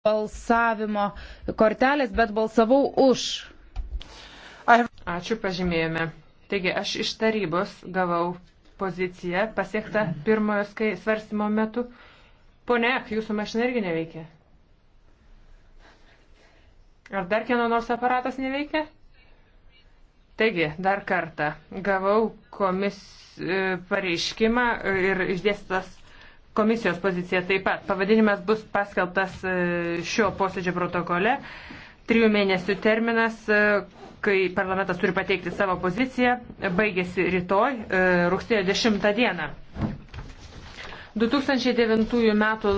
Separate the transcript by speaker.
Speaker 1: balsavimo kortelės, bet balsavau už.
Speaker 2: Ačiū, pažymėjome. Taigi, aš iš tarybos gavau poziciją pasiektą pirmojo svarstymo metu. Pone, jūsų mašina irgi neveikia. Ar dar kieno nors aparatas neveikia? Taigi, dar kartą gavau komis e, pareiškimą ir išdėstas komisijos pozicija taip pat. Pavadinimas bus paskelbtas e, šio posėdžio protokole. Trijų mėnesių terminas, e, kai parlamentas turi pateikti savo poziciją, baigėsi rytoj, e, rugsėjo 10 dieną.
Speaker 3: 2009 m.